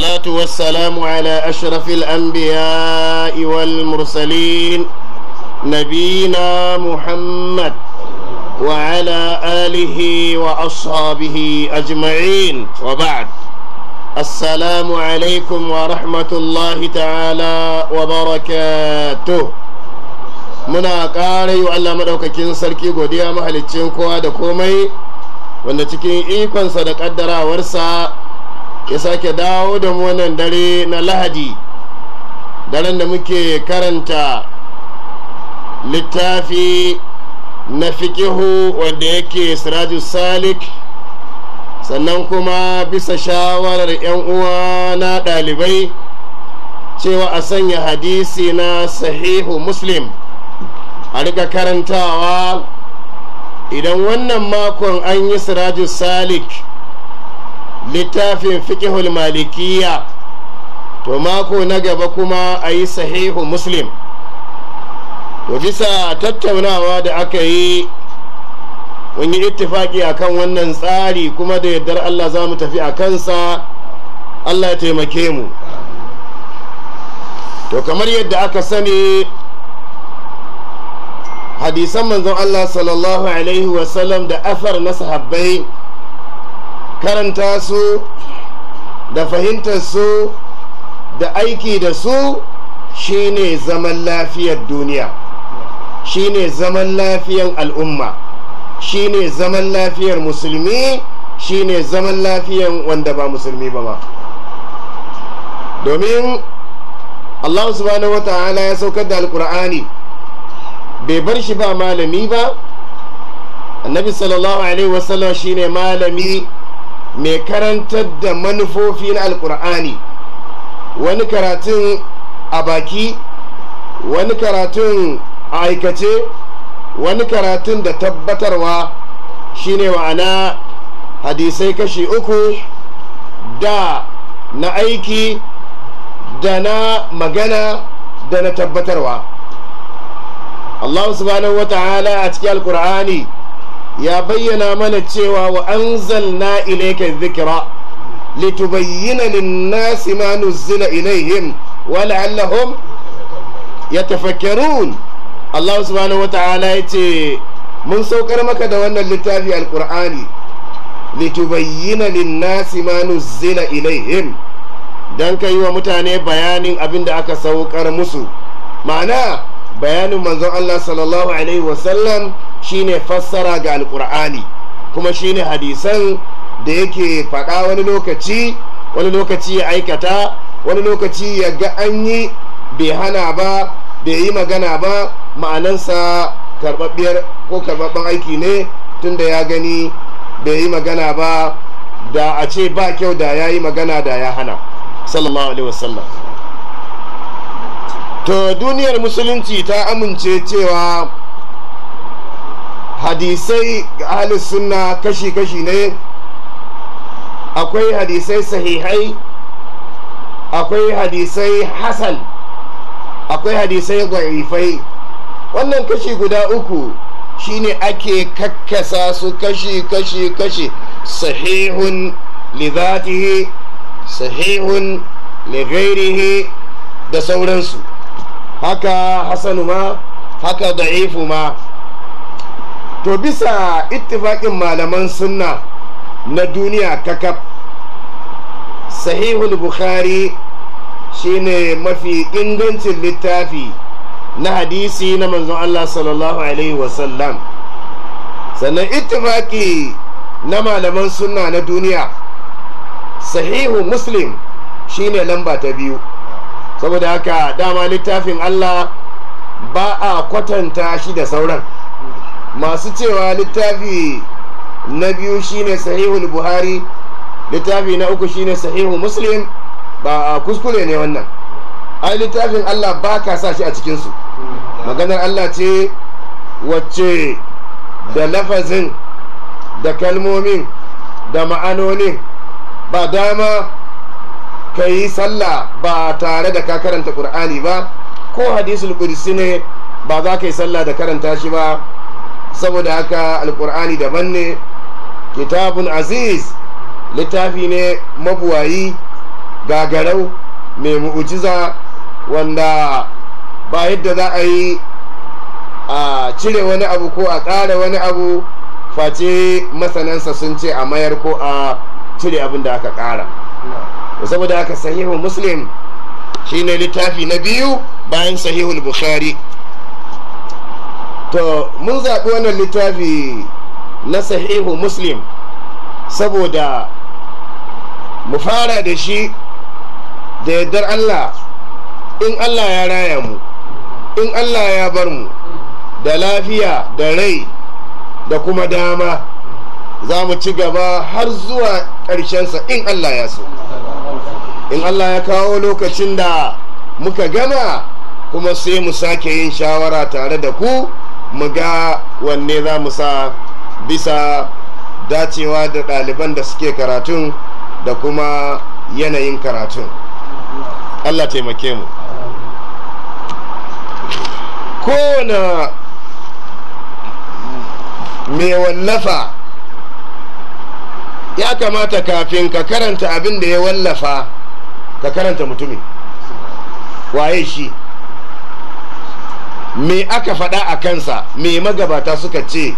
والصلاة والسلام على أشرف الأنبياء والمرسلين نبينا محمد وعلى آله وأصحابه أجمعين وبعد السلام عليكم ورحمة الله تعالى وبركاته منا قال yi wa Allah maɗaukakin sarki godiya mahaliccin kowa da komai wanda cikin ikonsa da ƙaddarawarsa ya sake dawo da mu wannan dare na lahadi daren da muke karanta littafi na fikihu wanda yake siraju salik sannan kuma bisa shawarar 'yan uwa na ɗalibai cewa a sanya hadisi na sahihu muslim a rika karantawa idan wannan makon an yi siraju salik littafin fikihul malikiya to mako na gaba kuma a yi sahihu muslim to bisa tattaunawa da aka yi mun yi ittifaki akan wannan tsari kuma da yardar Allah za mu tafi a kansa Allah ya taimake mu to kamar yadda aka sani hadisan manzon Allah sallallahu alaihi wasallam da afar na sahabbai karanta su da fahimtar su da aiki da su shine zaman lafiyar duniya shine zaman lafiyar al'umma shine zaman lafiyar musulmi shine zaman lafiyar wanda ba musulmi ba ma domin Allah subhanahu wata'ala ya saukar da alkur'ani bai bar shi ba malami ba annabi sallallahu alaihi wasallam shine malami mai karantar da manufofi na alkur'ani wani karatun a baki wani karatun a aikace wani karatun da tabbatarwa shine wa'ana hadisai kashi uku da na aiki da na magana da na tabbatarwa Allah subhanahu wa ta'ala a cikin alkur'ani ya bayyana mana cewa wa anzalna ilayka dhikra litubayyana lin-nasi ma nuzzila ilaihim wa la'allahum yatafakkarun Allah subhanahu wata'ala yace mun saukar maka da wannan littafi alqur'ani litubayyana lin-nasi ma nuzzila ilaihim dan kai wa mutane bayanin abin da aka saukar musu ma'ana bayanin manzon Allah sallallahu alaihi wasallam shine fassara ga alkur'ani kuma shine hadisan da yake faɗa wani lokaci wani lokaci ya aikata wani lokaci ya ga an yi bai hana ba bai yi magana ba ma'anansa karɓaɓɓiyar ko karɓaɓɓen aiki ne tunda ya gani bai yi magana ba da a ce ba kyau da ya yi magana da ya hana sallallahu alaihi wasallam to duniyar musulunci ta amince cewa hadisai ahalus sunna kashi-kashi ne akwai hadisai sahihai akwai hadisai hasan akwai hadisai gwaifai wannan kashi guda uku shine ake kakkasa su kashi-kashi-kashi sahihun lizatihi sahihun lagairihi da sauransu haka hasanu ma haka da'ifu ma to bisa ittifaƙin malaman sunna na duniya kakaf sahihul bukhari shine mafi ingancin littafi na hadisi na manzon Allah sallallahu alaihi wasallam sannan ittifaki na malaman sunna na duniya sahihu muslim shine lamba ta biyu saboda haka dama littafin Allah ba a kwatanta shi da sauran masu cewa littafi na biyu shine sahihul buhari littafi na uku shine sahihu muslim ba kuskure ne wannan ai littafin allah ba ka sa shi a cikinsu maganar allah ce wacce da lafazin da kalmomin da ma'anonin ba dama ka yi sallah ba tare da ka karanta ƙur'ani ba ko hadisul ƙudsi ne ba za ka yi sallah da karanta shi ba saboda haka alkur'ani daban ne kitabun aziz littafi ne mabuwayi gagarau mai mu'ujiza wanda ba yadda za a yi a cire wani abu ko a ƙara wani abu face masanansa sun ce a mayar ko a cire abin da aka ƙara saboda haka sahihu muslim shine littafi na biyu bayan sahihul bukhari to mun zaɓi wannan littafi na sahihu muslim saboda mu fara da shi da yardar allah in allah ya raya mu in allah ya bar mu da lafiya da rai da kuma dama za mu ci gaba har zuwa ƙarshensa in allah ya so in allah ya kawo lokacin da muka gana kuma sai mu sake yin shawara tare da ku mu ga wanne za mu sa bisa dacewa da ɗaliban da suke karatun da kuma yanayin karatun allah taimake mu kowane mai wallafa ya kamata kafin ka karanta abin da ya wallafa ka karanta mutumin waye shi me aka faɗa a kansa me magabata suka ce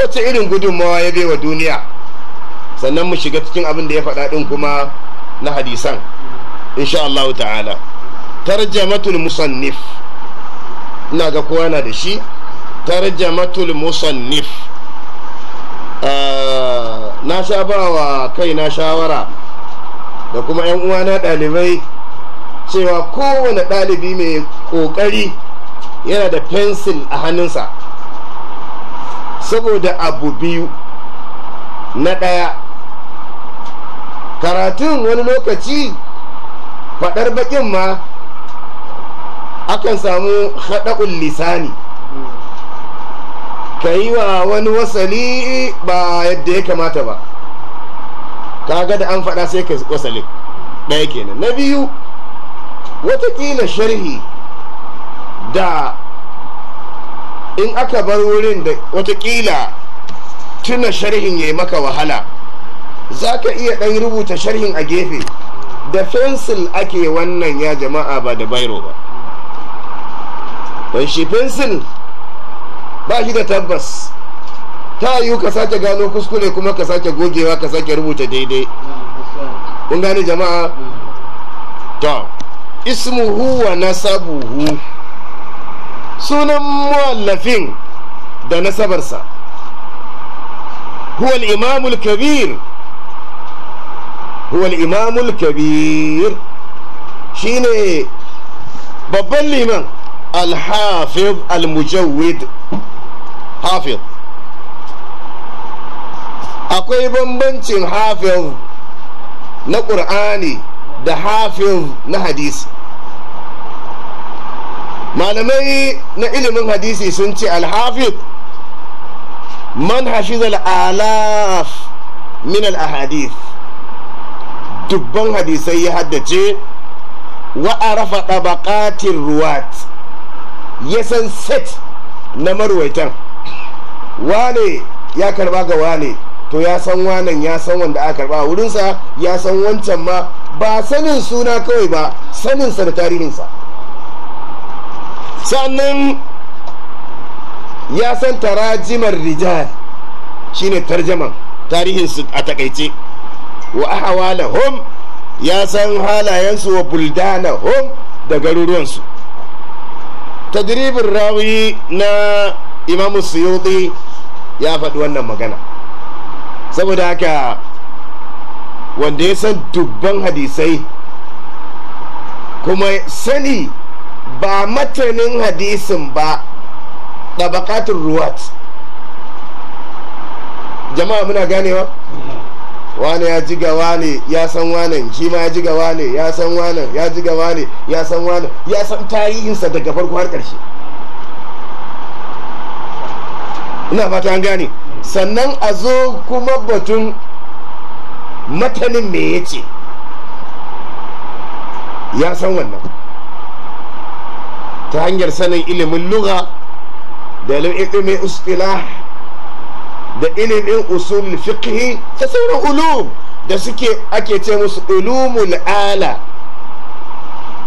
wace irin gudunmawa ya baiwa duniya sannan mu shiga cikin abin da ya faɗa ɗin kuma na hadisan insha Allah ta'ala tarjamatul musannif ina ga kowa na da shi tarjamatul musannif ah, na sha ba wa kaina shawara da kuma 'yan uwana ɗalibai cewa kowane ɗalibi mai ƙoƙari yana da fensil a hannunsa saboda abu biyu na ɗaya karatun wani lokaci faɗar baƙin ma akan samu haɗa'un lisani ka yi wa wani wasali ba yadda ya kamata ba kaga da an faɗa sai ka wasali ɗaya kenan na biyu watakila sharhi da in aka bar wurin da watakila tuna sharhin ya maka wahala za ka iya ɗan rubuta sharhin a gefe da fensil ake wannan ya jama'a ba da bairo ba shi fensil ba shi da tabbas ta yiwu ka sake gano kuskure kuma ka sake gogewa ka sake rubuta daidai kun gani jama'a to ismuhu wa nasabuhu sunan muwallafin da nasabarsa huwa imamul kabir huwa imamul kabir shine babban liman alhafiz almujawid hafiz akwai bambancin hafiz na ƙur'ani da hafiz na hadisi malamai na ilimin hadisi sun ce alhafid man hashiz al'alaf min al'ahadith dubban hadisai ya haddace wa arafa tabaqatir ruwat ya san set na marwaitan wane ya karba ga wane to ya san wanan ya san wanda aka karba wurinsa ya san wancan ma ba sanin suna kawai ba sanin sa da tarihinsa sannan ya san tarajimar rijal shine tarjaman tarihinsu a takaice wa hom ya san halayensu wa hom da garuruwansu ta tadribin rawi na imamu suyuti ya faɗi wannan magana saboda haka wanda ya san dubban hadisai kuma sani ba matanin hadisin ba ɗabakatun ruwat jama'a muna ganewa Wani ya jiga ne, ya san wane shi ma ya jiga ne, ya san wane ya jiga ne, ya san wane ya san tarihinsa daga farko har ƙarshe ina fata an gane sannan a zo kuma batun matanin me ya ce ya san wannan ta hanyar sanin ilimin lugha da ilimin istilah da ilimin usul fiqh ta sauran ulum da suke ake ce musu ulumul ala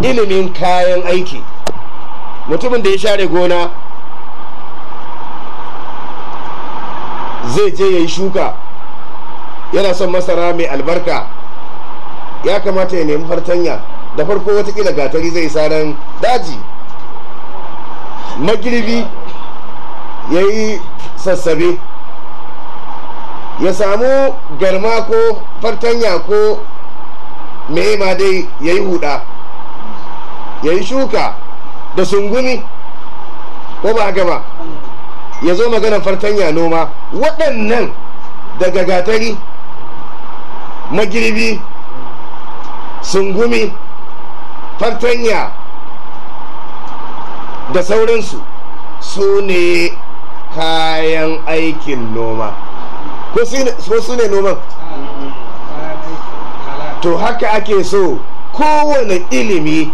ilimin kayan aiki mutumin da ya share gona zai je ya yi shuka yana son masara mai albarka ya kamata ya nemi fartanya da farko watakila gatari zai saran daji magirbi ya yi sassabe ya samu garma ko fartanya ko mai ma dai ya yi huda ya yi shuka da sungumi ko ba gaba ya zo magana fartanya noma waɗannan daga gatari magirbi sungumi fartanya da sauransu su ne kayan aikin noma ko su ne noman to haka ake so kowane ilimi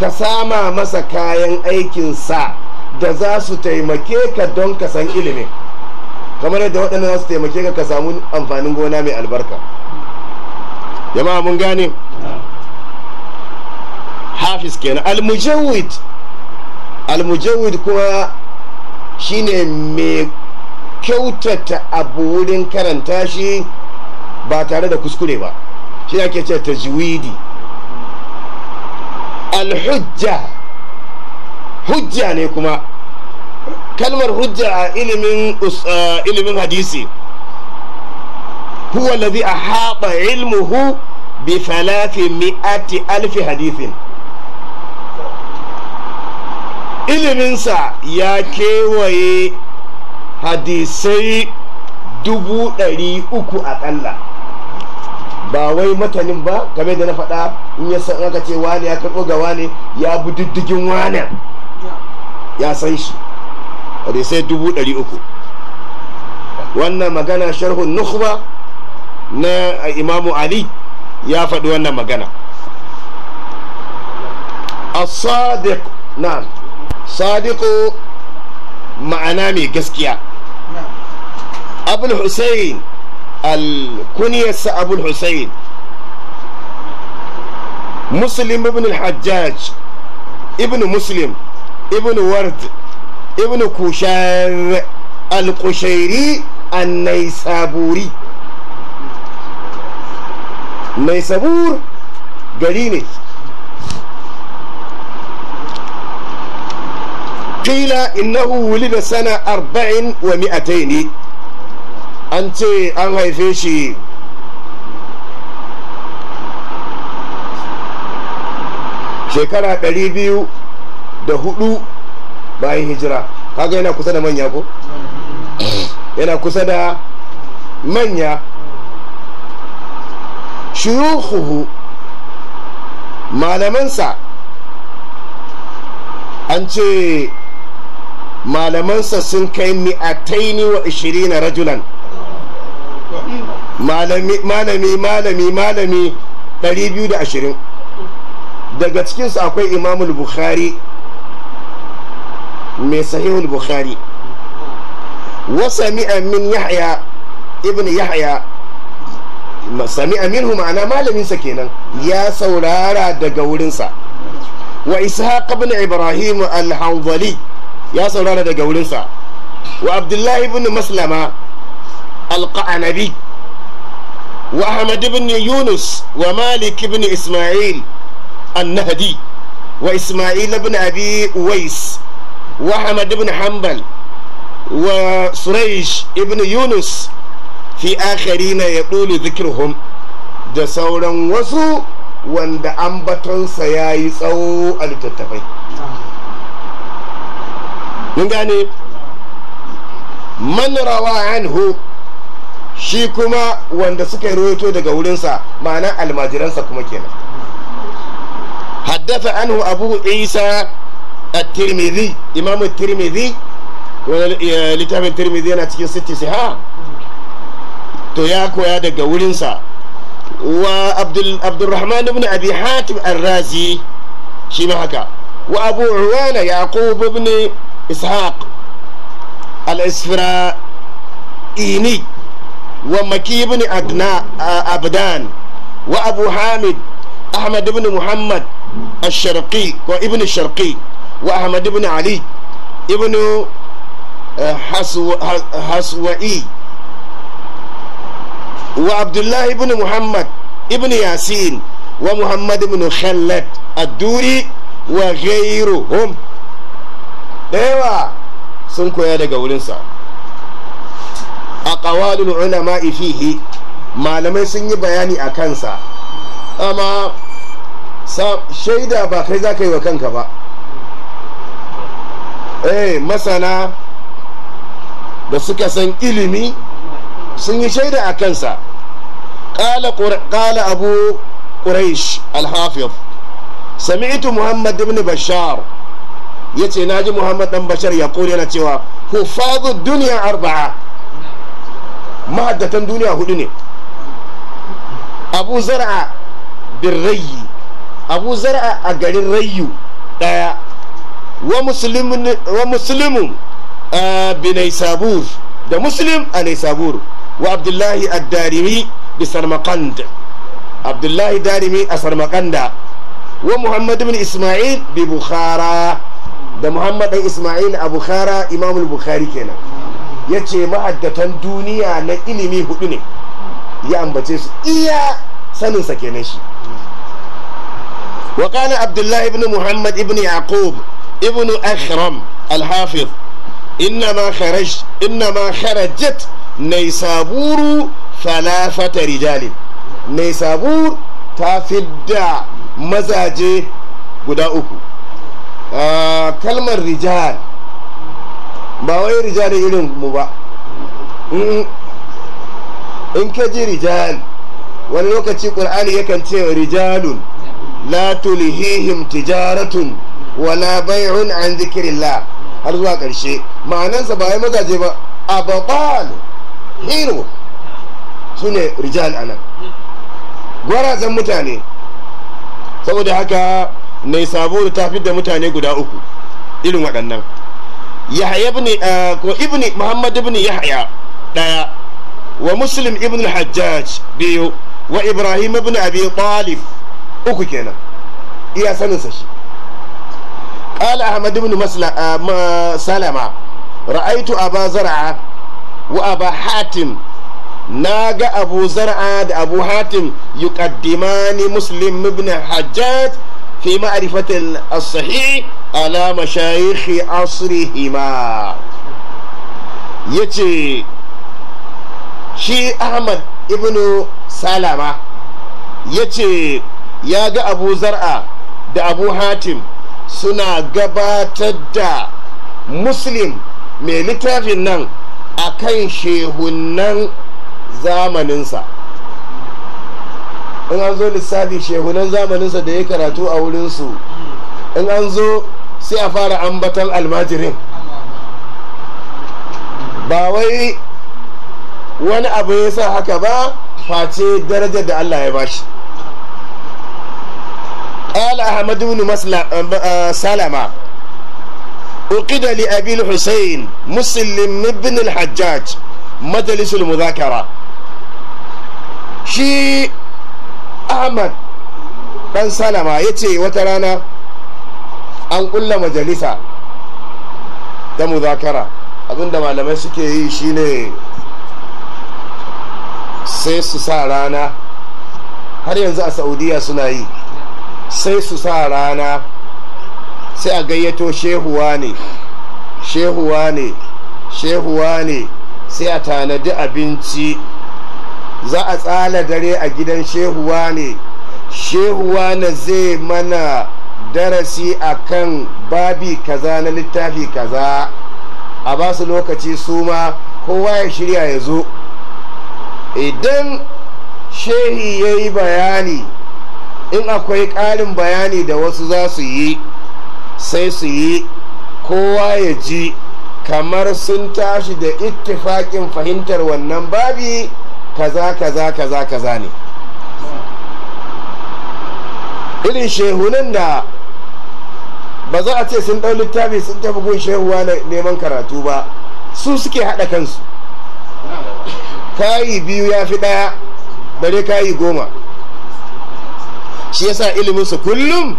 ka sama masa kayan aikinsa da za su taimake ka don ka san ilimin kamar yadda waɗanda za su taimake ka samu amfanin gona mai albarka jama'a mun gane hafiz kenan al-mujawwid almujawid kuma shine mai kyautata abu wurin karanta shi ba tare da kuskure ba shi ake ce juwidi alhujja hujja ne kuma kalmar hujja a ilimin hadisi huwa a haɓa ilmuhu bi miati alfi hadithin iliminsa ya kewaye hadisai dubu ɗari uku aƙalla ba wai matanin ba game da na faɗa in ya san aka ce wani ya karɓo ga wani ya bi diddigin wani ya san shi hadisai dubu ɗari uku wannan magana sharhun nukhba na imamu ali ya faɗi wannan magana as-sadiq صادق معنامي قسكيا أبو الحسين الكنية أبو الحسين مسلم ابن الحجاج ابن مسلم ابن ورد ابن كوشان القشيري النيسابوري نيسابور قليني qila innahu wulida sana arba'in wa mi'ataini an ce an haife shi shekara ɗari biyu da hudu bayan hijira kaga yana kusa da manya ko yana kusa da manya shuyukuhu malamansa an ce malamansa sun kai mi'ataini wa ishirina rajulan malami malami malami da ashirin. daga cikinsu akwai imamul bukhari mai sahihul bukhari وسمع من يحيى ابن يحيى سمع منه معنا malamin sa kenan ya saurara daga wurinsa wa isa ibn ibrahim al-hanzali ya saurara daga wurinsa wa abdullahi ibn maslama alqa'anabi wa ahmad ibn yunus wa malik ibn isma'il annahdi wa isma'il ibn abi uwais wa ahmad ibn hanbal wa suraish ibn yunus fi akharina yaqulu dhikruhum da sauran wasu wanda ambatonsa ya yi tsawo a littattafai mun gane man rawa anhu shi kuma wanda suka yi rawaito daga wurinsa ma'ana almajiransa kuma kenan haddafa anhu abu isa at-tirmidhi imamu tirmidhi eh, littafin tirmidhi yana cikin sitti siha to ya koya daga wurinsa wa abdulrahman ibn abi hatim ar-razi shi ma haka wa abu yaqub ibn ishaq al-isfira'ini wa maki ibn abdan wa abu hamid ahmad ibn muhammad الشرقي وابن الشرقي وأحمد بن علي ابن حسوئي وعبد الله بن محمد ابن ياسين ومحمد بن خلد الدوري وغيرهم da yawa sun koya daga wurinsa a ƙawalin ulama ifihi. malamai sun yi bayani a kansa amma shaida ba kai za ka yi wa kanka ba eh masana da suka san ilimi sun yi shaida a kansa ƙala abu ƙuraish alhafif sami'tu muhammad ibn bashar yace ji Muhammad dan Bashar ya kore na cewa hufadu duniya arba'a mahaddatan duniya hudu ne Abu zaraa bin Rayyi Abu zaraa a garin rayu daya wa muslimun wa muslimun bi da Muslim a sabur. wa Abdullahi ad-Darimi bi Sarmaqand Abdullahi Darimi a Sarmaqanda wa Muhammad ibn Isma'il bi Bukhara da muhammad ismail a bukhara imamul bukhari kenan ya ce ma'addatan duniya na ilimi hudu ne ya ambace su iya saninsa kenan shi وقال عبد الله بن Ibn بن يعقوب ابن أخرم الحافظ إنما خرج إنما خرجت نيسابور ثلاثة رجال نيسابور mazaje مزاجي قداؤكم kalmar rijal ba wai rijal irin mu ba in ka ji rijal wani lokaci ƙur'ani yakan ce rijalun la tulihihim tijaratun wala bai'un an zikirillah har zuwa ƙarshe ma'anansa ba wai mazaje ba ababal hero su ne rijal anan gwarazan mutane saboda haka mai saburu ta da mutane guda uku irin waɗannan yahya ibn eh, ko ibn muhammad ibn yahya daya wa muslim ibn hajjaj biyu wa ibrahim ibn abi talib uku kenan iya saninsa shi قال أحمد بن سلمة رأيت أبا زرعة وأبا حاتم ناقة أبو زرعة أبو حاتم يقدمان مسلم بن حجاج في معرفة الصحيح على مشايخ shi Ahmad شي Salama ابن سلمة يتي يا أبو زرع da abu hatim suna gabatar da muslim mai littafin nan a kan shehunan zamaninsa in an zo lissafi shehunan zamaninsa da ya karatu a wurinsu in an zo sai a fara ambatan almajirin ba wai wani abu ya sa haka ba face darajar da Allah ya bashi قال أحمد بن salama أقد لأبي الحسين مسلم بن الحجاج مجلس المذاكرة shi. ahmad dan salama ya ce wata rana an kulla majalisa ta muzakara abinda malamai suke yi shine sai su sa rana har yanzu a saudiya suna yi sai su sa rana sai a gayyato shehuwa ne shehuwa ne shehuwa ne sai a tanadi abinci za a tsala dare a gidan shehuwa ne shehuwa na zai mana darasi a kan babi kaza na littafi kaza a ba su lokaci su ma kowa ya shirya ya zo idan shehi ya yi bayani in akwai ƙarin bayani da wasu za su yi sai su yi kowa ya ji kamar sun tashi da ittifaƙin fahimtar wannan babi kaza kaza kaza kaza ne irin shehunan da ba za a ce sun ɗau littafi sun tafi gun shehuwa na neman karatu ba su suke haɗa kansu kayi biyu ya fi ɗaya bare kayi goma shi yasa iliminsu kullum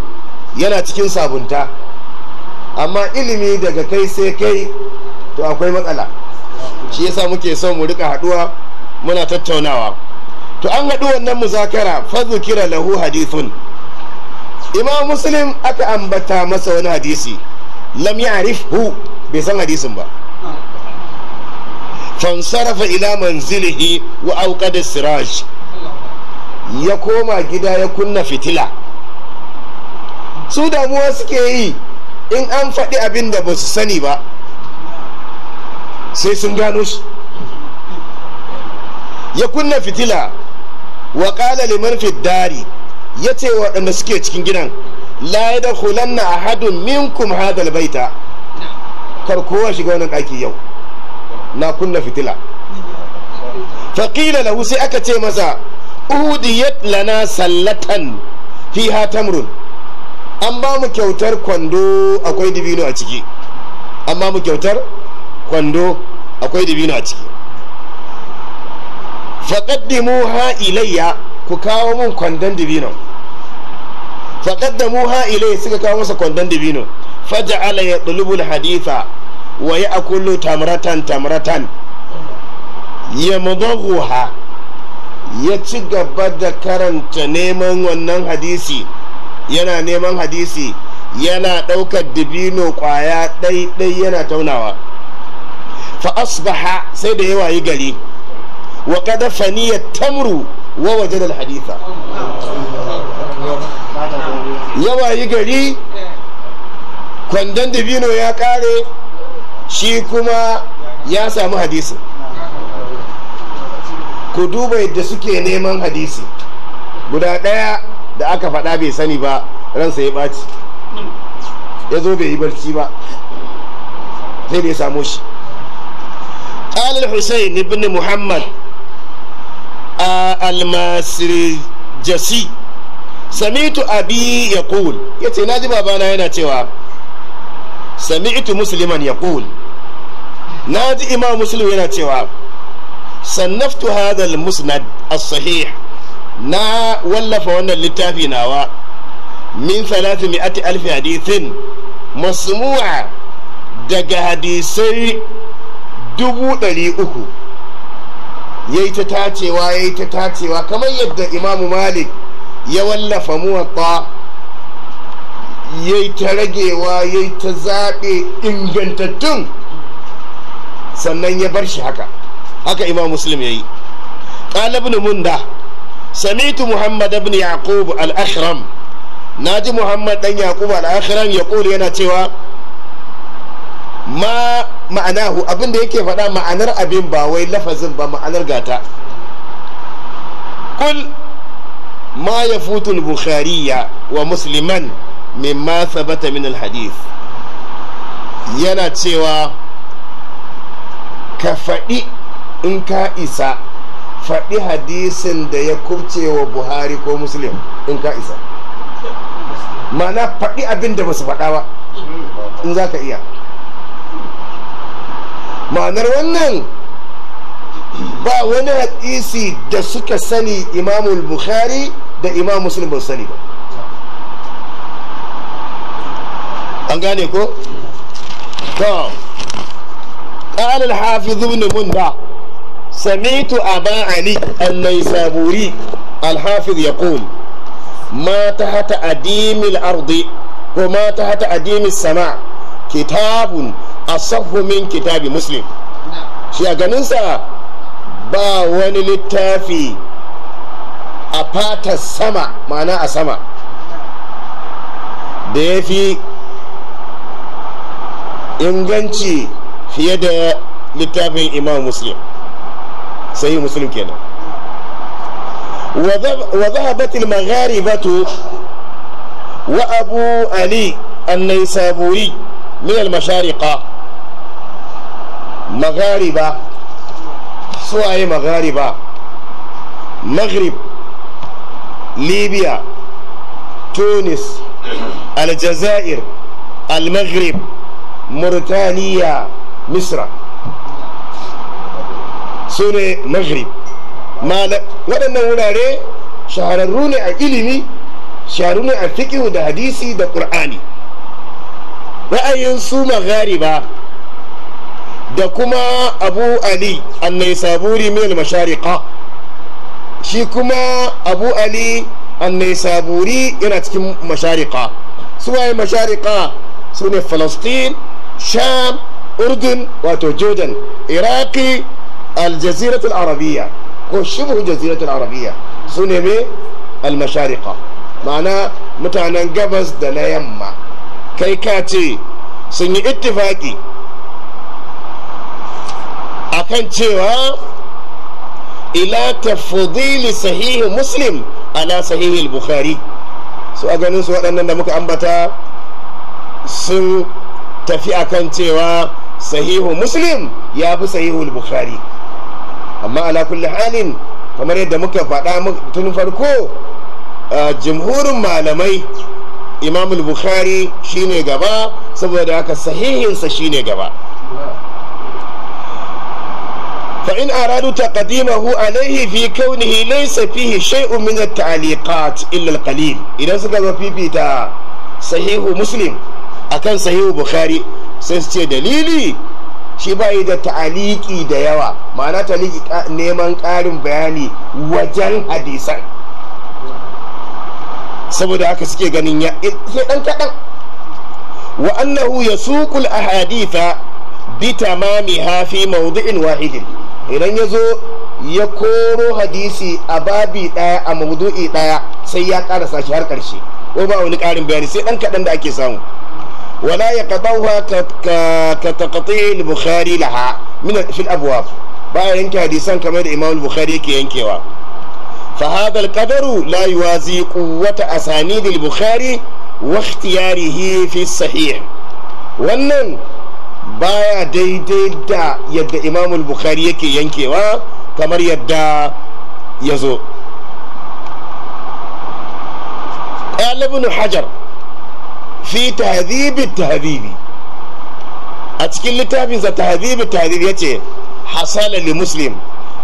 yana cikin sabunta amma ilimi daga kai sai kai to akwai matsala shi yasa muke son mu rika haɗuwa muna tattaunawa to an haɗu wannan muzakara kira lahu hadithun imam muslim aka ambata masa wani hadisi lam hu, bai san hadisin ba fansarafa ila manzilihi wa auqada siraj ya koma gida ya kunna fitila su damuwa suke yi in an faɗi abin da ba su sani ba sai sun gano su ya kunna fitila wa qala liman fi dari yace waɗanda suke cikin gidan la a ahadun minkum hadal albayta kar shiga wani ɗaki yau na kunna fitila faƙila lahu sai aka ce masa uhudiyat lana sallatan fiha tamrun an ba mu kyautar kwando akwai dibino a ciki an ba mu kyautar kwando akwai dibino a ciki faqaddimuha ilayya ku kawo mun kwandon dibino ha ilayya suka kawo masa kwandon dibino ya yatlubu haditha wa akulu tamratan tamratan yamdaghuha ya ci gaba da karanta neman wannan hadisi yana neman hadisi yana ɗaukar dibino ƙwaya ɗaiɗai yana taunawa fa asbaha sai da yawa yi gari wa kada faniya tamru wa wajen alhaditha yawa yi gari kwandon dabino ya kare shi kuma ya samu hadisi ku duba yadda suke neman hadisi guda ɗaya da aka faɗa bai sani ba ransa ya ɓaci ya zo bai yi barci ba sai da ya samu shi قال الحسين بن Muhammad. almasirjasi jasi sami'tu abi yaqul na naji babana yana cewa sami'tu musliman Na naji imam muslim yana cewa sannaftu hadha musnad as-sahih na wallafa wannan littafi nawa min 300 alfi hadithin masmu'a daga hadisai dubu ɗari uku ya yi ta tacewa ya yi ta tacewa kamar yadda imamu malik ya wallafa muwatta ya yi ta ragewa ya yi ta zaɓe ingantattun sannan ya bar shi haka haka imam muslim ya yi ƙalibin munda samitu muhammad ibn yaqub al-akhram na ji muhammad ɗan yaqub al-akhram ya yana cewa ma ma'anahu abin da yake faɗa ma'anar abin ba wai lafazin ba ma'anar gata kul ma ya futu bukhariya wa musliman mimma thabata min alhadith yana cewa ka faɗi in ka isa faɗi hadisin da ya kubce wa buhari ko muslim in ka isa ma'ana faɗi abin da ba su faɗa ba in za ka iya ma'anar wannan ba wani hadisi da suka sani imamul bukhari da imam muslim sani ba an gane ko? ta ƙalil hafizu ne munda samitu aba ali annai saburi alhafiz ya kun mata hata adimin ardi ko mata hata adimin sama kitabun asahhu min kitabi muslim shi a ganinsa ba wani littafi a fatar sama mana a sama da ya fi inganci fiye da littafin imam muslim sai muslim kenan wa zahabat al-magharibatu wa abu ali an-naysaburi min al-mashariqa maghariba suwaye maghariba maghrib libya tunis aljazair almaghrib murtaniya misra su ne maghrib waɗannan wurare shahararru ne a ilimi shahararru ne a fiƙihu da hadisi da ƙur'ani ra'ayin su maghariba da kuma abu ali annai saburi min mashariqa shi kuma abu ali annai saburi yana cikin mashariqa suwaye masharika su ne falastin sham urdun wato jordan iraki aljaziratul arabiya ko shibhu jaziratul arabiya su ne mai almashariqa ma'ana mutanen gabas da na yamma kai ka ce sun yi ittifaki kan cewa ila tafdili sahihi muslim ala sahihi bukhari su a ganin su waɗannan da muka ambata sun tafi a kan cewa sahihu muslim ya fi sahihu bukhari amma ala kulli halin kamar yadda muka faɗa tun farko jimhurin malamai imam bukhari shine gaba saboda haka sahihinsa shine gaba fa in aradu taqdimahu alayhi fi kaunihi laysa fihi shay'un illa al idan suka zo fifita sahihu muslim akan sahihu bukhari sai su dalili shi ba da ta'aliki da yawa ma'ana ta'aliki neman ƙarin bayani wajen hadisan saboda haka suke ganin ya eh, ɗan kaɗan wa annahu ya suƙul ahaditha bi hafi fi mawdu'in wahidin idan ya zo ya koro hadisi a babi ɗaya a maudu'i ɗaya sai ya ƙarasa shi har karshe ko ba wani ƙarin bayani sai ɗan kaɗan da ake samu wala ya qadawha ka taqti' al-bukhari laha min fil abwab ba yanke hadisan kamar da imam al-bukhari yake yankewa fa kadaru al-qadaru la yuwazi quwwata asanid al-bukhari wa ikhtiyarihi fi sahih wannan baya daidai da yadda imamul bukhari yake yankewa kamar yadda ya zo Ƙalibin hajar fi tahzibi tahzibi a cikin littafinsa tahzibi tahzibi ya ce hasala li muslim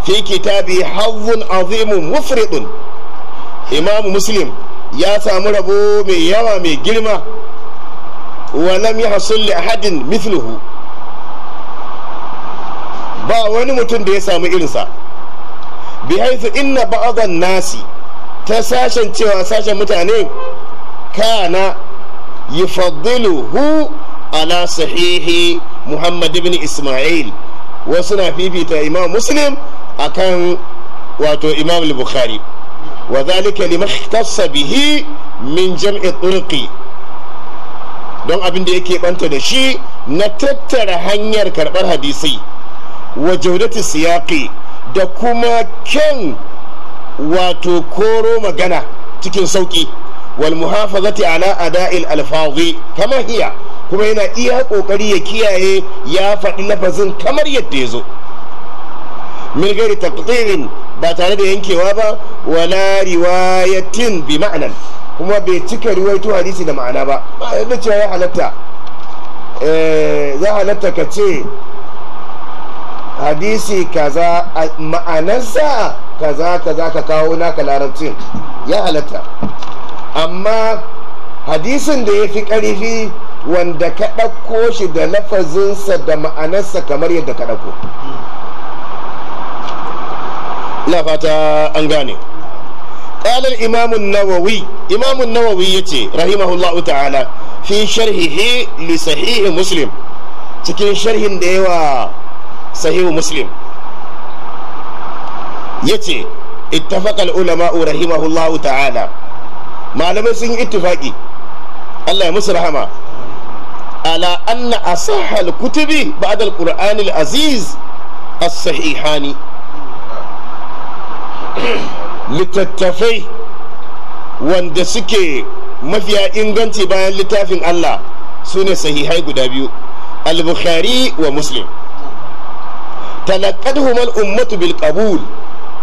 fi kitabi hazzun azimun mufridun imamu muslim ya samu rabo mai yawa mai girma wa lam yahsul li ahadin mithluhu ba wani mutum da ya samu irinsa bi haifu inna ba'adhan nasi ta sashen cewa sashen mutane kana hu ala sahihi muhammad ibn isma'il wasu na fifita imam muslim akan wato imam al-bukhari wa zalika lima bihi min jam'i turqi don abin da yake banta da shi na tattara hanyar karbar hadisai wa jaudatu siyaƙi da kuma kyan wato koro magana cikin sauki wal muhafazati ala ada'il alfazi kamar hiya kuma yana iya kokari ya kiyaye ya faɗi lafazin kamar yadda ya zo min gairi taqdirin ba tare da yankewa ba wala riwayatin bi ma'anan kuma bai cika riwaito hadisi da ma'ana ba ba yadda cewa ya halatta za eh, halatta ka ce hadisi kaza ma'anarsa kaza kaza ka kawo naka larabcin ya halatta amma hadisin da ya fi ƙarfi wanda ka ɗauko shi da lafazinsa da ma'anarsa kamar yadda ka ɗauko Lafata an gane قال الإمام النووي إمام النووي يتي رحمه ta'ala, تعالى في شرحه لصحيح مسلم cikin sharhin da yawa sahihu muslim yace ittafaqa ulama'u rahimahullahu ta'ala malamai sun yi ittifaqi Allah ya musu rahama ala anna asahha kutubi ba'da al-qur'an al-aziz as-sahihani littattafai wanda suke mafiya inganci bayan littafin Allah su ne sahihai guda biyu al-bukhari wa muslim talaqqathum ummatu bil qabul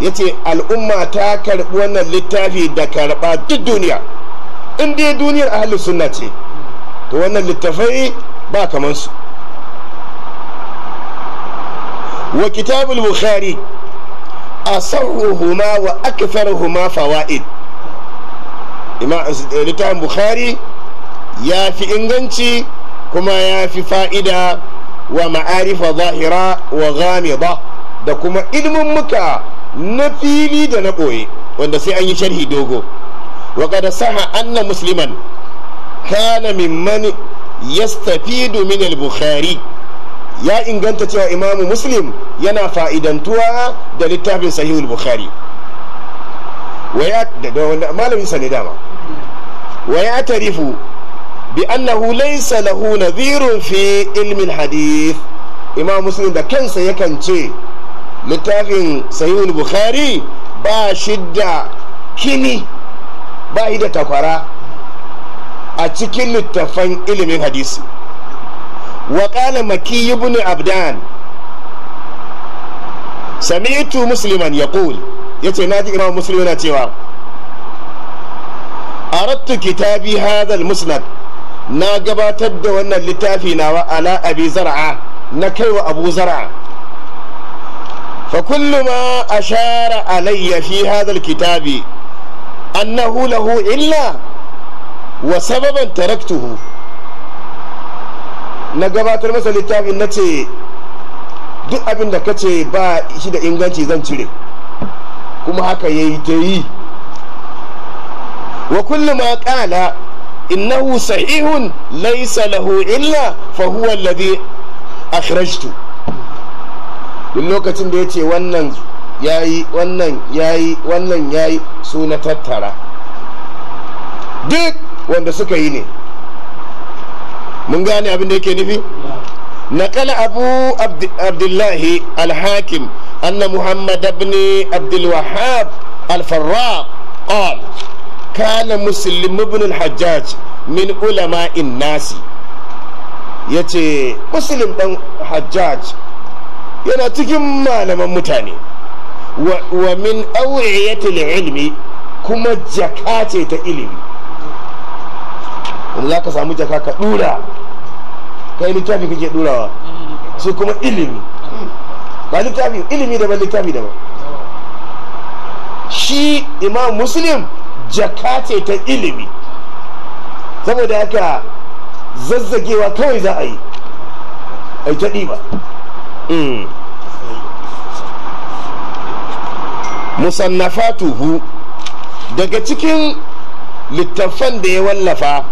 yace al'umma ta karɓi wannan littafi da karɓa duk duniya in dai duniyar ahlus sunna ce to wannan littafai ba kamar su wa kitabul bukhari asarruhuma wa aktharuhuma fawaid eh, littafin bukhari ya fi inganci kuma ya fi fa'ida wa ma'arifa zahira wa ba da kuma ilmin muka na fili da na ɓoye wanda sai an yi sharhi dogo wa kada saha anna musliman kana mimman yastafidu min al-bukhari ya inganta cewa imamu muslim yana fa'idantuwa da littafin sahihul bukhari wa ya da malamin sa ne dama wa ya tarifu بأنه ليس له نذير في علم الحديث إمام مسلم ده كان سيكن شيء littafin sahihul bukhari ba shidda kini ba da takwara a cikin littafan ilimin hadisi wa qala maki ibn abdan sami'tu musliman yaqul yace naji imam muslim yana cewa aradtu kitabi hadha al-musnad na gabatar da wannan littafi nawa ala abi zar'a na kaiwa abu zar'a fa kullu ma ashara alayya fi hadha alkitabi annahu lahu illa wa sababan taraktuhu na gabatar masa littafi na ce duk abin da kace ba shi da inganci zan cire kuma haka yayi ta yi wa kullu ma qala إنه صحيح ليس له إلا فهو الذي أخرجته lokacin da ya ce wannan yayi wannan tattara duk wanda suka yi ne mun gane abin da yake nufi naqala abu abdullahi al-hakim anna muhammad ibn abdul al-farraq qala kana muslim ibn al-hajjaj min ulama'in nasi yace musulmin dan hajjaj yana cikin malaman mutane wa min awiyatil ilmi kuma jaka ce ta ilimi wanda za ka samu jaka ka dura kai littafi kake durawa sai kuma ilimi ba littafi ilimi daban littafi daban shi imam muslim jaka ce ta ilimi saboda haka zazzagewa kawai za a yi a yi ta ɗiba mm. musannafatuhu daga cikin littattafan da ya wallafa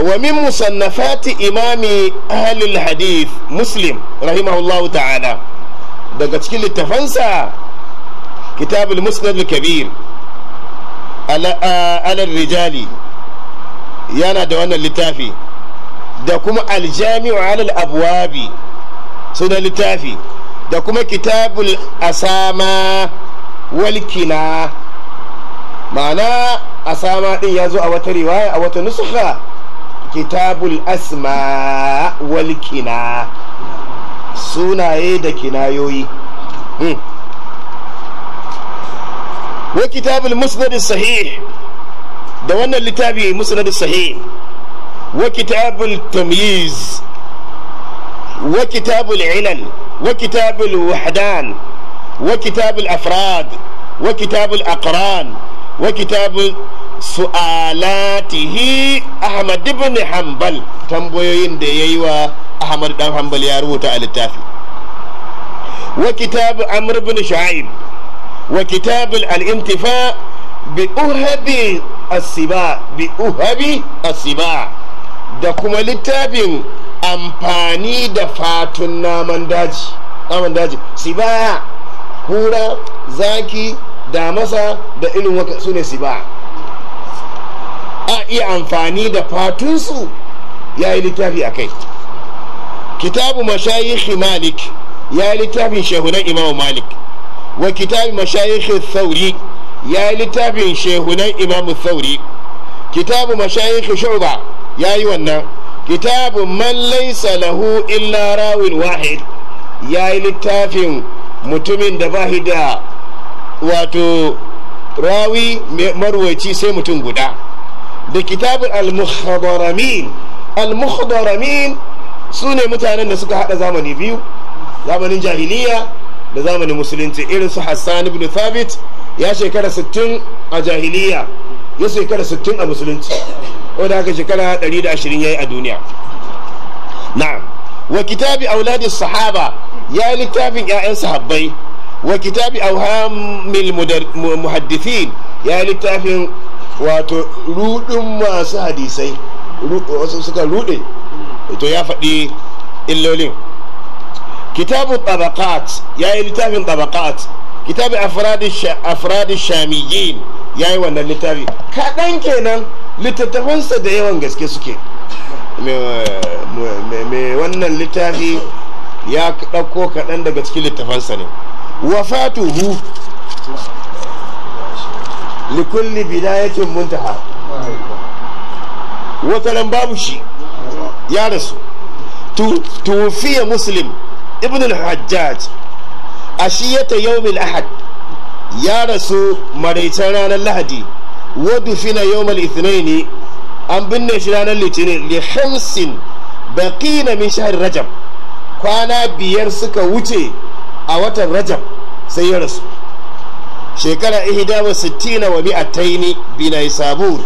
ومن مصنفات إمام أهل الحديث مسلم رحمه الله تعالى دقت كل التفنسة كتاب المسند الكبير alal rijali yana da wannan littafi da kuma aljami'u alal abwabi suna littafi da kuma kitabul asama walkina ma'ana asama din ya zo a wata riwaya a wata nusuka kitabul asma walkina sunaye da kinayoyi hmm. wa kitabul musnad sahih da wannan littafi musnad sahih wa kitabul tamyiz wa kitabul ilal wa kitabul wahdan wa kitabul afrad wa kitabul aqran wa kitabul su'alatihi ahmad ibn hanbal tambayoyin da yayi wa ahmad dan hanbal ya rubuta a littafi wa kitab amr ibn shu'aib wa kitabul al bi uhabi asiba bi uhabi asiba da kuma littafin amfani da fatun naman daji naman daji siba kura zaki damasa da irin waka su ne siba a iya amfani da fatunsu ya yi littafi a kai kitabu mashayikhi malik ya yi littafin shehunan imamu malik wa kitabi mashayikh sauri ya yi littafin shehunan imamu sauri kitabu mashayikh shu'ba ya yi wannan kitabu man laysa lahu illa rawil wahid ya yi littafin mutumin da ba da wato rawi marwaci sai mutum guda da kitabun al-mukhdaramin al su ne mutanen da suka hada zamani biyu zamanin jahiliya da zamanin musulunci irin su hassan ibn thabit ya shekara 60 a jahiliya ya shekara 60 a musulunci wadda haka shekara 120 ya yi a duniya na'am wa kitabi auladis sahaba ya yi littafin 'ya'yan sahabbai wa kitabi auhamil muhaddithin ya yi littafin wato rudin masu hadisai wasu suka rude to ya faɗi illolin kitabu tabaqat ya yi littafin tabaqat kitabu afradi shamiyin ya yi wannan littafi kaɗan kenan littattafansa da yawan gaske suke مي wannan littafi ya ɗauko kaɗan daga cikin littafansa ne wafatuhu likulli bidayatin muntaha wataran babu shi ya rasu tufiya muslim ibn al-hajjaj ashiyata yawmin ahad ya rasu maraicen ranar lahadi wadda fina yawmal ne, an binne shi ranar litinin Lihamsin, hamsin baqina min rajab kwana biyar suka wuce a watan rajab sai ya rasu shekara ihdamu sittina wa mi'ataini bi Sabur,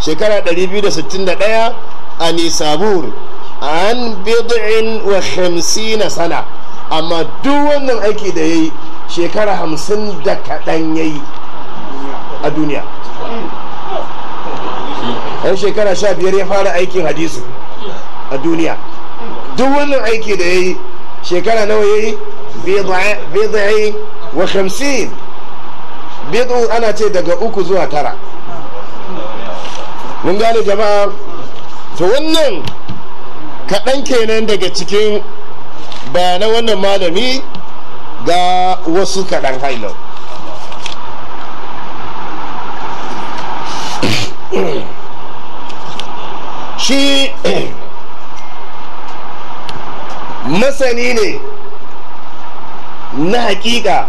shekara 261 a nisabur an bid'in wa na sana amma duk wannan aiki da yayi shekara hamsin da kaɗan yayi a duniya yan shekara sha biyar ya fara aikin hadisu a duniya duk wannan aiki da yayi shekara nawa yayi bid'i wa hamsin bid'u ana ce daga uku zuwa tara mun gane jama'a to wannan kaɗan kenan daga cikin bayanan wannan malami ga wasu kaɗan hailau shi masani ne na hakika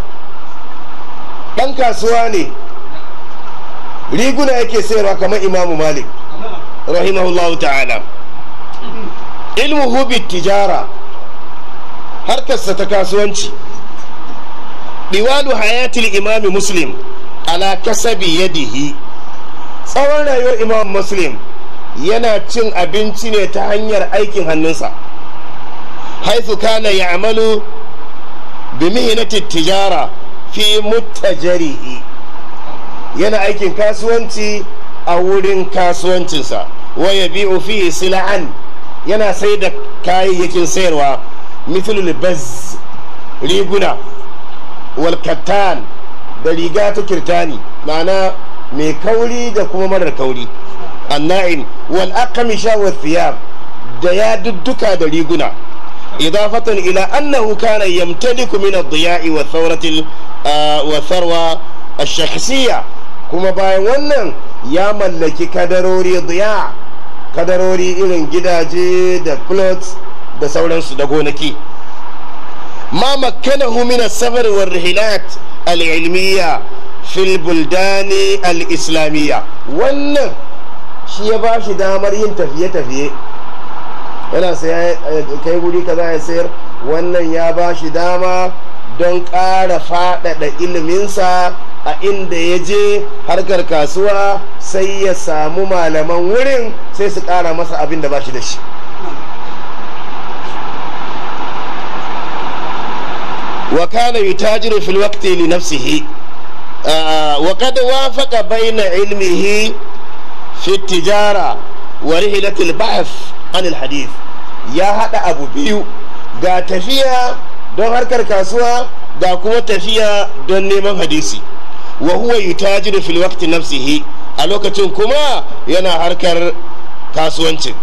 ɗan kasuwa ne riguna yake sayarwa kamar imamu malik rahimahullahu ta'ala Ilmu hubi tijara harkarsa ta kasuwanci diwalu hayatil imami muslim ala kasabi yadihi tsawon rayuwar imam muslim yana cin abinci ne ta hanyar aikin hannunsa haifu kana ya amalu bi mihinati tijara fi mutajarihi yana aikin kasuwanci a wurin kasuwancinsa waya biyu fi sila'an yana sai da kayayyakin sayarwa mithlul baz riguna wal da riga ta kirtani ma'ana mai kauri da kuma marar kauri anna'in wal aqamisha wa thiyab da ya dudduka da riguna idafatan ila annahu kana yamtaliku min ad-diya'i wa thawratil wa tharwa ash-shakhsiyya kuma bayan wannan ya mallaki kadarori diya kadarori irin gidaje da plots da sauransu da gonaki ma makana sabarwar safar war rihilat al wannan shi ya ba shi damar yin tafiye-tafiye yana sai eh, kai guri kaza ya sayar wannan ya ba shi dama don ƙara faɗaɗa iliminsa a inda ya je harkar kasuwa sai ya samu malaman wurin sai su ƙara masa abin da ba shi da shi wa kana yutajiru fil waqti li nafsihi wa qad wafaqa bayna ilmihi fi tijara wa rihlatil ba'th an al hadith ya hada abu biyu ga tafiya don harkar kasuwa ga kuma tafiya don neman hadisi wa huwa yutajiru fil waqti nafsihi a lokacin kuma yana harkar kasuwancin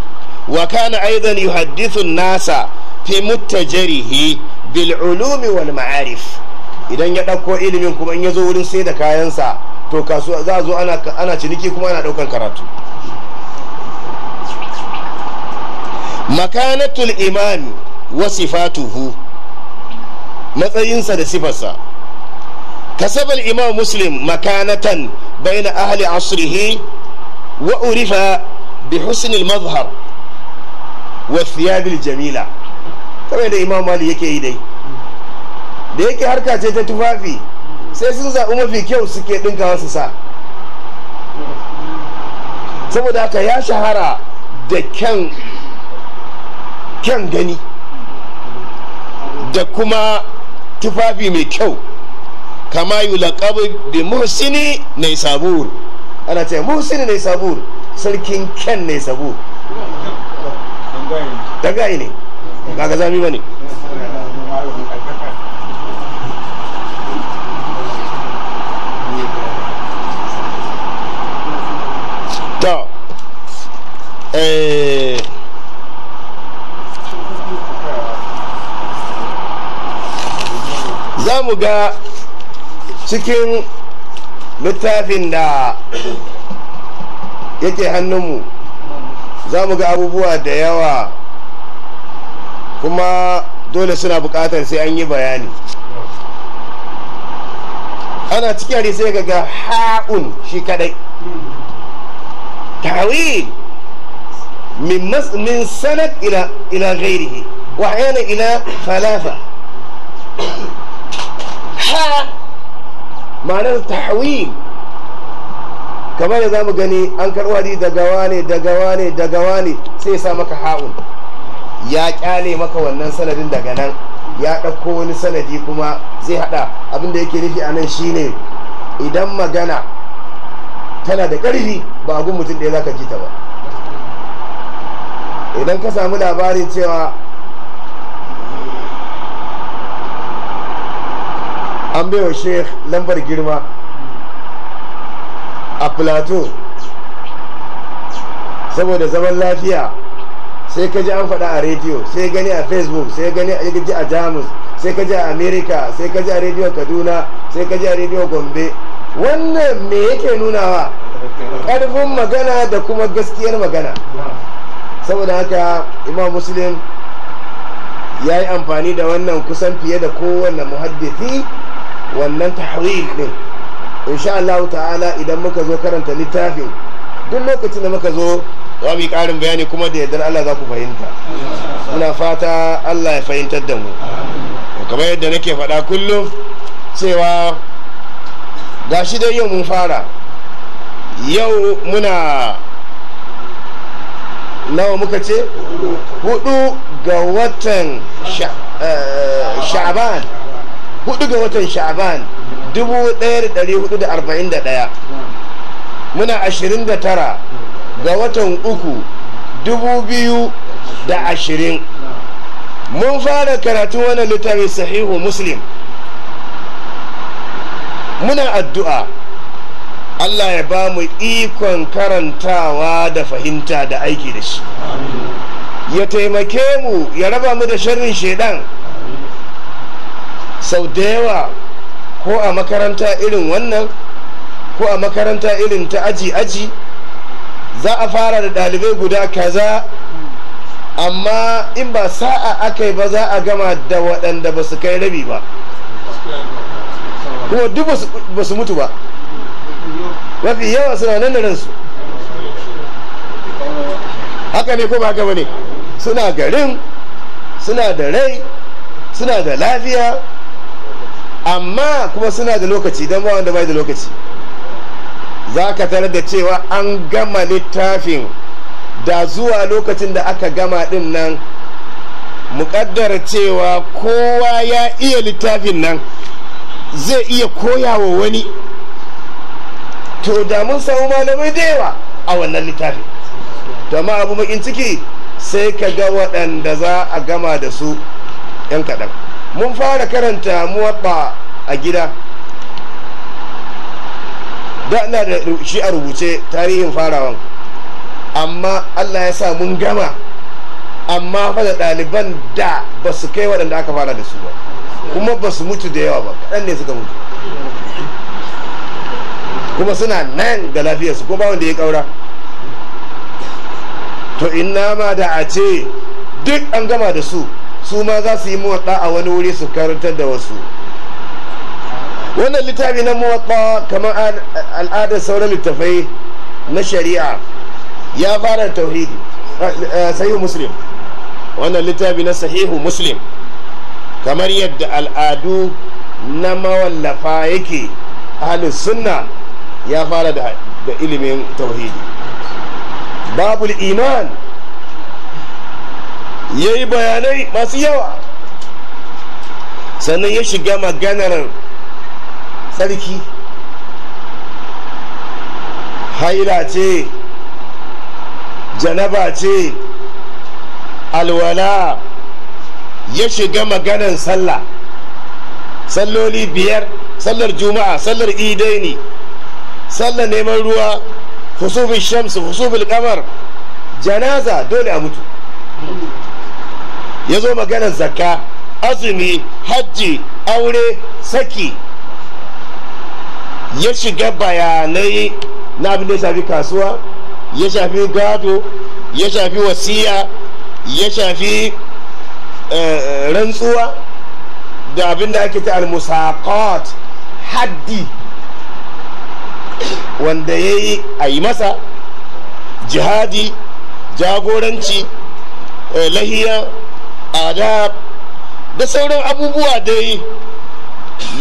wa kana aidan yuhaddithu nasa fi muttajarihi bil ulumi wal ma'arif idan ya ɗauko ilimin kuma in ya wurin sai da kayansa to kasuwa za zo ana ana ciniki kuma ana ɗaukan karatu makanatul imami wa sifatuhu matsayinsa da sifarsa كسب الإمام مسلم مكانة بين أهل عصره وعرف بحسن المظهر jamila. الجميلة كما يدى إمام مالي يكي إيدي da yake harkace ta tufafi sai sun zaɓi mafi kyau suke ɗinka wasu sa saboda haka ya shahara da kyan gani da kuma tufafi mai kyau kama yi laƙabu bi muhsini ne sabur ana ce muhsini ne sabur sarkin ken ne sabur dagayi ne ba ga zami bane to eh za mu ga cikin littafin da yake hannunmu za mu ga abubuwa da yawa kuma dole suna bukatar sai an yi bayani ana cikin hadisai ga ga ha'un shi kadai tawi min min sanad ila ila ghairihi wa ila falafa ha ma'anar tahwil kamar da zamu gani an gawa ne daga wane daga wane daga wane sai ya sa maka ha'un ya kyale maka wannan sanadin daga nan ya ɗauko wani sanadi kuma zai haɗa abinda yake nufi a nan shine idan magana tana da ƙarfi ba a gun mutum ɗaya za ka ji ta ba idan ka samu labarin cewa an bai wa sheikh lambar girma a plateau saboda zaman lafiya sai ka ji an faɗa a rediyo sai gani a facebook sai gani a a jamus sai ka ji a america sai ka ji a rediyo kaduna sai ka ji a rediyo gombe wannan me yake nunawa karfin magana da kuma gaskiyar magana saboda haka imam muslim ya yi amfani da wannan kusan fiye da kowane muhaddisi wannan tahrir din insha Allah ta'ala idan muka zo karanta littafin duk lokacin da muka zo za mu yi karin bayani kuma da yardar Allah za ku fahimta muna fata Allah ya fahimtar da mu kamar yadda nake faɗa kullum cewa gashi dai yau mun fara yau muna nawa muka ce hudu ga watan sha'ban eh, hudu ga watan sha'aban 1441 muna 29 ga watan uku 2020 mun fara karatu wani littafi sahihu muslim muna addu'a Allah ya ba mu ikon karantawa da fahimta da aiki da shi ya taimake mu ya raba mu da sharrin shaidan sau da yawa ko a makaranta irin wannan ko a makaranta irin ta aji-aji za a fara da ɗalibai guda kaza amma in ba sa'a aka yi ba za a gama da waɗanda ba su kai rabi ba kuma duk ba su mutu ba mafi yawa suna nan da ransu haka ne ko ba haka ne suna garin suna da rai suna da lafiya amma kuma suna da lokaci don ba wanda bai da lokaci za ka tarar da cewa an gama littafin da zuwa lokacin da aka gama din nan muƙaddar cewa kowa ya iya littafin nan zai iya koya wa wani to da mun samu malamai da yawa a wannan littafin to ma abu makin ciki sai ka ga waɗanda za a gama da su 'yan kaɗan mun fara karanta muwaɓa a gida da na da shi a rubuce tarihin farawan amma allah ya sa mun gama amma fa da ɗaliban da ba su kai waɗanda aka fara da su ba kuma ba su mutu da yawa ba kaɗan ne suka mutu kuma suna nan ga lafiyarsu kuma wanda ya ƙaura to ina ma da a ce duk an gama da su su ma za su yi muwaɗa a wani wuri su karantar da wasu wannan littafi na muwaɗa kamar al'adar sauran littafai na shari'a ya fara tauhidi eh, sahihu muslim wannan littafi na sahihu muslim kamar yadda al'adu na mawallafa yake halin sunna ya fara da ilimin tauhidi babul iman ya yi bayanai masu yawa sannan ya shiga maganar tsarki haila ce janaba ce alwala ya shiga maganar sallah salloli biyar sallar juma'a sallar idaini sallar neman ruwa husufin shamsu husufin kamar janaza dole a mutu ya zo maganar zakka azumi hajji aure saki ya shiga bayanai na abin da ya shafi kasuwa ya shafi gado ya shafi wasiya ya shafi eh, rantsuwa da abin da ake ta almusaqat haddi wanda ya yi a yi masa jihadi jagoranci eh, lahiya adab da sauran abubuwa dai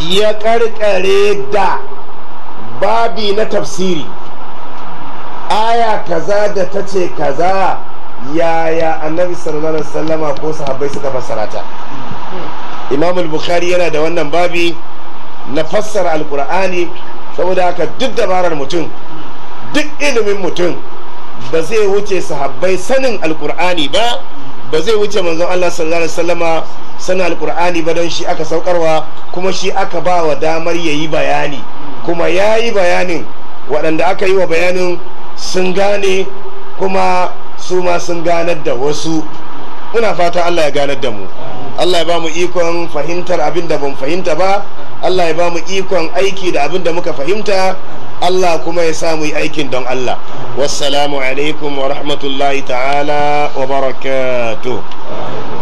ya karkare da babi na tafsiri aya kaza da ta ce kaza yaya annabi sallallahu alaihi wasallama ko sahabbai suka fassara ta imam al-bukhari yana da wannan babi na fassara alkur'ani saboda haka duk dabarar mutum duk ilimin mutum ba zai wuce sahabbai sanin alkur'ani ba ba zai wuce manzon Allah sallallahu alaihi wasallama sana alqur'ani ba don shi aka saukarwa kuma shi aka ba wa damar yayi bayani kuma yayi bayanin waɗanda aka yi wa bayanin sun gane kuma su ma sun ganar da wasu muna fata Allah ya ganar da mu Allah ya ba mu ikon fahimtar abin da ban fahimta ba Allah ya ba mu ikon aiki da abin da muka fahimta Allah kuma ya samu yi aikin don Allah wassalamu alaikum wa rahmatullahi ta'ala wa barakatuh